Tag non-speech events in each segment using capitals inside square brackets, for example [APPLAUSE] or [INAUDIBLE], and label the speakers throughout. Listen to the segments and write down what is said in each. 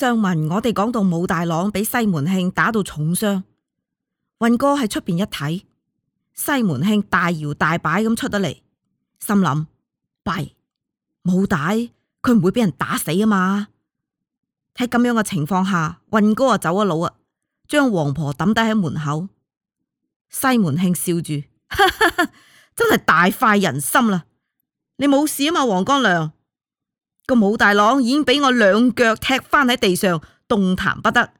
Speaker 1: 上文我哋講到武大郎俾西門慶打到重傷，云哥喺出邊一睇，西門慶大搖大擺咁出得嚟，心諗：「弊，武大，佢唔會俾人打死啊嘛！喺咁樣嘅情況下，云哥啊走咗佬啊，將王婆抌低喺門口。西門慶笑住，哈哈哈，真係大快人心啦！你冇事啊嘛，黃光良！」個武大郎已經俾我兩腳踢翻喺地上，動彈不得，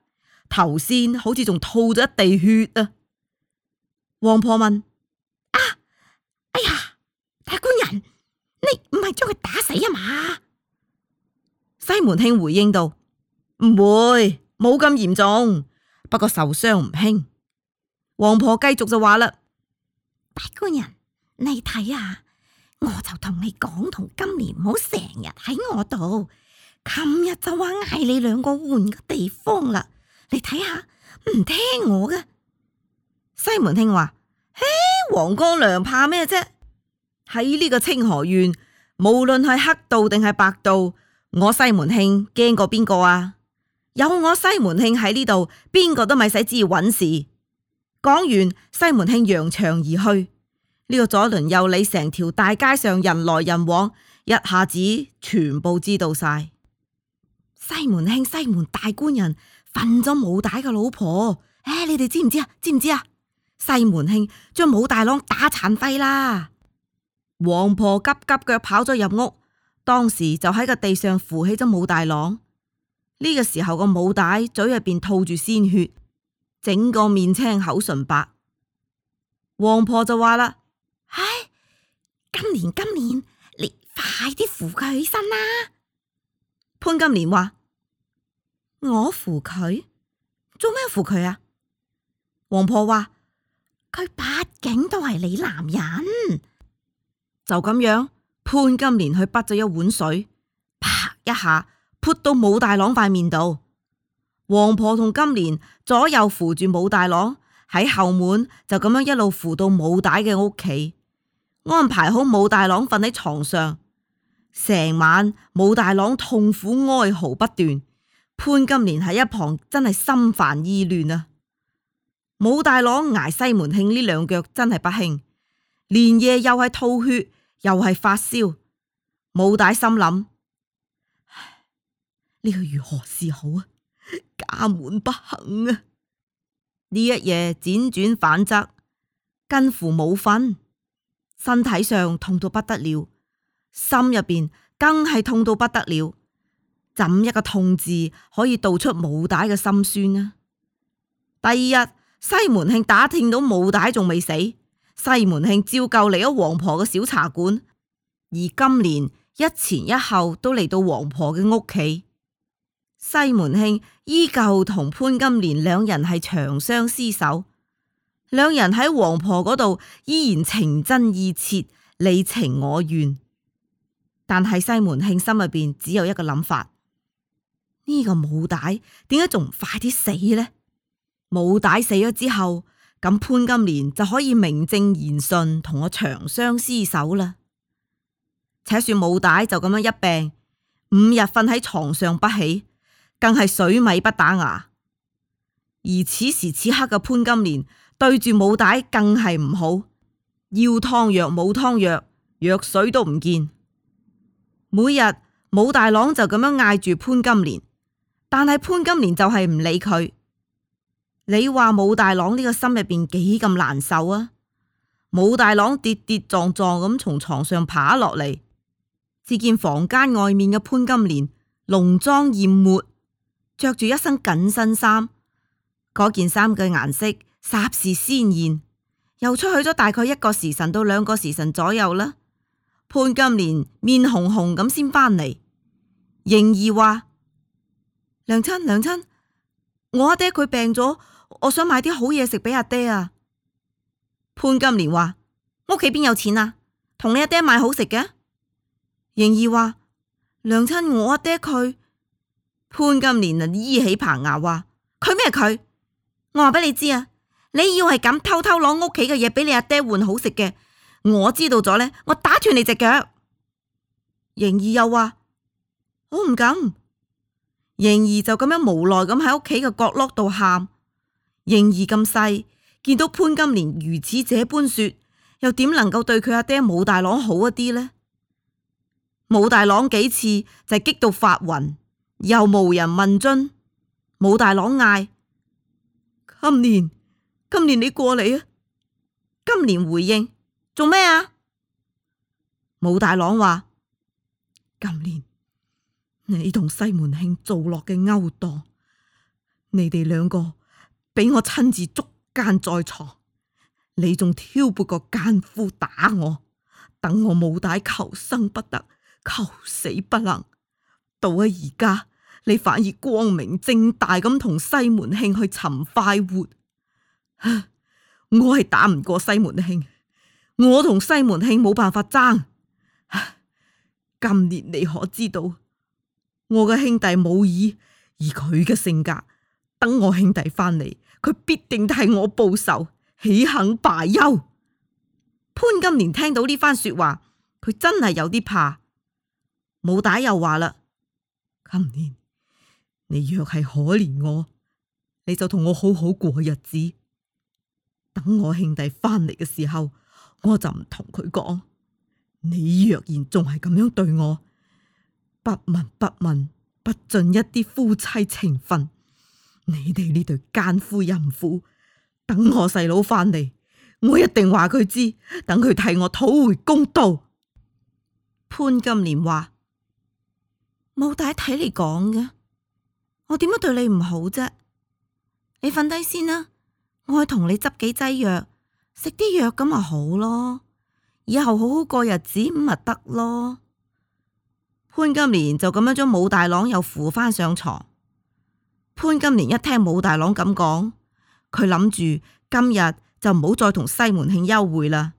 Speaker 1: 頭先好似仲吐咗一地血啊！王婆問：啊，哎呀，大官人，你唔係將佢打死啊嘛？西門慶回應道：唔會，冇咁嚴重，不過受傷唔輕。王婆繼續就話啦：大官人，你睇下啊。我就同你講，同今年唔好成日喺我度。琴日就話嗌你兩個換個地方啦，你睇下唔聽我嘅。西門慶話：嘿，黃光良怕咩啫？喺呢個清河縣，無論係黑道定係白道，我西門慶驚過邊個啊？有我西門慶喺呢度，邊個都咪使知揾事。講完，西門慶揚長而去。呢個左鄰右里，成條大街上人來人往，一下子全部知道晒。西門慶西門大官人瞓咗武大嘅老婆，唉、哎，你哋知唔知啊？知唔知啊？西門慶將武大郎打殘廢啦！王婆急急腳跑咗入屋，當時就喺個地上扶起咗武大郎。呢、這個時候個武大嘴入邊吐住鮮血，整個面青口唇白。王婆就話啦。唉、啊，金蓮金蓮你快啲扶佢起身啦！潘金蓮話：我扶佢做咩扶佢啊？王婆話：佢畢竟都係你男人。就咁樣，潘金蓮去潷咗一碗水，啪一下潑到武大郎塊面度。王婆同金蓮左右扶住武大郎，喺後門就咁樣一路扶到武大嘅屋企。安排好武大郎瞓喺床上，成晚武大郎痛苦哀嚎不斷。潘金蓮喺一旁真係心煩意亂啊！武大郎挨西門慶呢兩腳真係不輕，連夜又係吐血，又係發燒。武大心諗：呢個如何是好啊？家門不幸啊！呢一夜輾轉反側，近乎冇瞓。身體上痛到不得了，心入邊更係痛到不得了。怎一個痛字可以道出武大嘅心酸呢？第二日，西門慶打聽到武大仲未死，西門慶照舊嚟咗黃婆嘅小茶館，而金蓮一前一後都嚟到黃婆嘅屋企。西門慶依舊同潘金蓮兩人係長相廝守。兩人喺黃婆嗰度依然情真意切，你情我願。但係西門慶心入邊只有一個諗法：呢個武大點解仲唔快啲死呢？武大死咗之後，咁潘金蓮就可以名正言順同我長相廝守啦。且說武大就咁樣一病，五日瞓喺床上不起，更係水米不打牙。而此時此刻嘅潘金蓮。對住武大更係唔好，要湯藥冇湯藥，藥水都唔見。每日武大郎就咁樣嗌住潘金蓮，但係潘金蓮就係唔理佢。你話武大郎呢個心入邊幾咁難受啊？武大郎跌跌撞撞咁從床上爬落嚟，只見房間外面嘅潘金蓮濃妝艷抹，着住一身緊身衫，嗰件衫嘅顏色。霎時鮮艷，又出去咗大概一個時辰到兩個時辰左右啦。潘金蓮面紅紅咁先翻嚟，盈兒話：娘親，娘親，我阿爹佢病咗，我想買啲好嘢食俾阿爹啊。潘金蓮話：屋企邊有錢啊？同你阿爹買好食嘅。盈兒話：娘親，我阿爹佢。潘金蓮依起棚牙話：佢咩佢？我話俾你知啊！你要係咁偷偷攞屋企嘅嘢俾你阿爹換好食嘅，我知道咗咧，我打斷你隻腳。盈兒又話：我唔敢。盈兒就咁樣無奈咁喺屋企嘅角落度喊。盈兒咁細，見到潘金蓮如此這般說，又點能夠對佢阿爹武大郎好一啲呢？武大郎幾次就激到發暈，又無人問津。武大郎嗌：今年。今年你過嚟啊？今年回應做咩啊？武大郎話：今年你同西門慶做落嘅勾當，你哋兩個俾我親自捉奸在床，你仲挑撥個奸夫打我，等我武大求生不得，求死不能。到咗而家，你反而光明正大咁同西門慶去尋快活。 [LAUGHS] 我係打唔過西門慶，我同西門慶冇辦法爭。 [LAUGHS] 今年你可知道我嘅兄弟武二，以佢嘅性格，等我兄弟翻嚟，佢必定替我報仇，豈肯罷休。 [LAUGHS] 潘金蓮聽到呢番說話，佢真係有啲怕。武大又話啦：今年你若係可憐我，你就同我好好過日子。等我兄弟翻嚟嘅時候，我就唔同佢講。你若然仲係咁樣對我，不聞不問，不盡一啲夫妻情分，你哋呢對奸夫淫婦，等我細佬翻嚟，我一定話佢知，等佢替我討回公道。潘金蓮話：武大睇你講嘅，我點樣對你唔好啫？你瞓低先啦。我去同你執幾劑藥，食啲藥咁咪好咯，以後好好過日子咁咪得咯。潘金蓮就咁樣將武大郎又扶翻上床。潘金蓮一聽武大郎咁講，佢諗住今日就唔好再同西門慶幽會啦，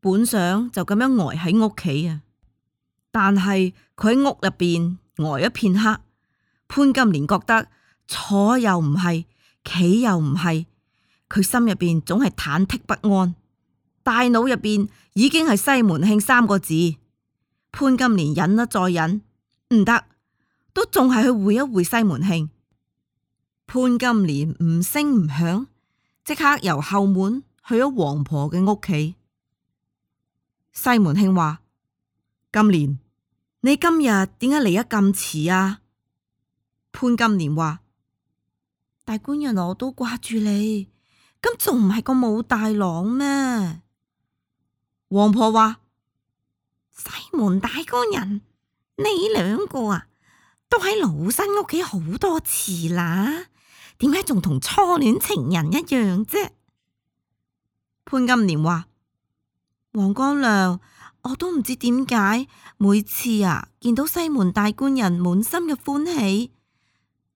Speaker 1: 本想就咁樣呆喺屋企啊，但係佢喺屋入邊呆咗片刻，潘金蓮覺得坐又唔係，企又唔係。佢心入邊總係忐忑不安，大腦入邊已經係西門慶三個字。潘金蓮忍得、啊、再忍唔得，都仲係去會一會西門慶。潘金蓮唔聲唔響，即刻由後門去咗王婆嘅屋企。西門慶話，金蓮，你今日點解嚟得咁遲啊？潘金蓮話，大官人，我都掛住你。咁仲唔係個武大郎咩？王婆話：西門大官人，你兩個啊，都喺老身屋企好多次啦，點解仲同初戀情人一樣啫？潘金蓮話：王光亮，我都唔知點解，每次啊見到西門大官人，滿心嘅歡喜。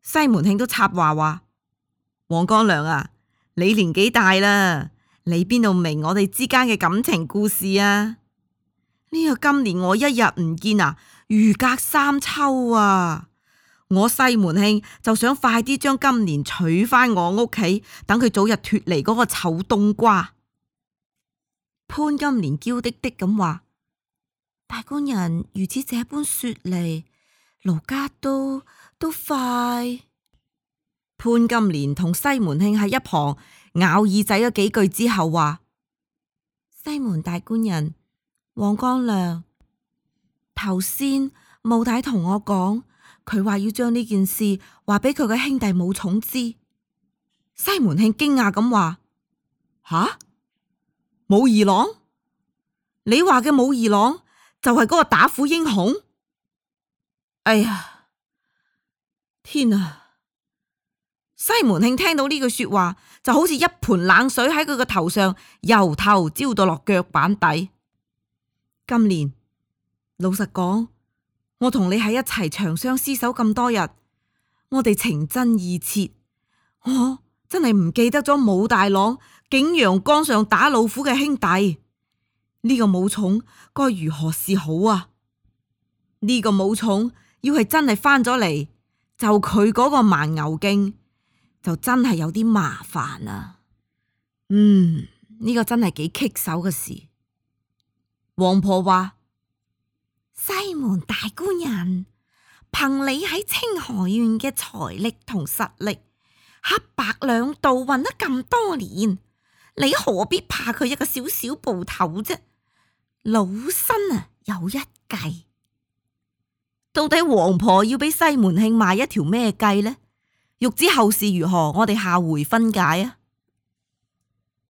Speaker 1: 西門慶都插話話：王光亮啊！你年紀大啦，你邊度明我哋之間嘅感情故事啊？呢、這個金蓮我一日唔見啊，如隔三秋啊！我西門慶就想快啲將金蓮娶翻我屋企，等佢早日脱離嗰個臭冬瓜。潘金蓮嬌滴滴咁話：大官人如此這般說嚟，奴家都都快。潘金蓮同西門慶喺一旁咬耳仔咗幾句之後，話：西門大官人，王光亮頭先武大同我講，佢話要將呢件事話俾佢嘅兄弟武松知。西門慶驚訝咁話：吓，武二郎，你話嘅武二郎就係嗰個打虎英雄？哎呀，天啊！西門慶聽到呢句說話，就好似一盆冷水喺佢個頭上，由頭澆到落腳板底。今年老實講，我同你喺一齊長相廝守咁多日，我哋情真意切，我真係唔記得咗武大郎景陽岡上打老虎嘅兄弟，呢、這個武松該如何是好啊？呢、這個武松要係真係翻咗嚟，就佢嗰個蠻牛勁。就真係有啲麻煩啊！嗯，呢、這個真係幾棘手嘅事。王婆話：西門大官人，憑你喺清河縣嘅財力同實力，黑白兩道混咗咁多年，你何必怕佢一個小小捕頭啫？老身啊，有一計。到底王婆要俾西門慶賣一條咩計呢？欲知後事如何，我哋下回分解啊！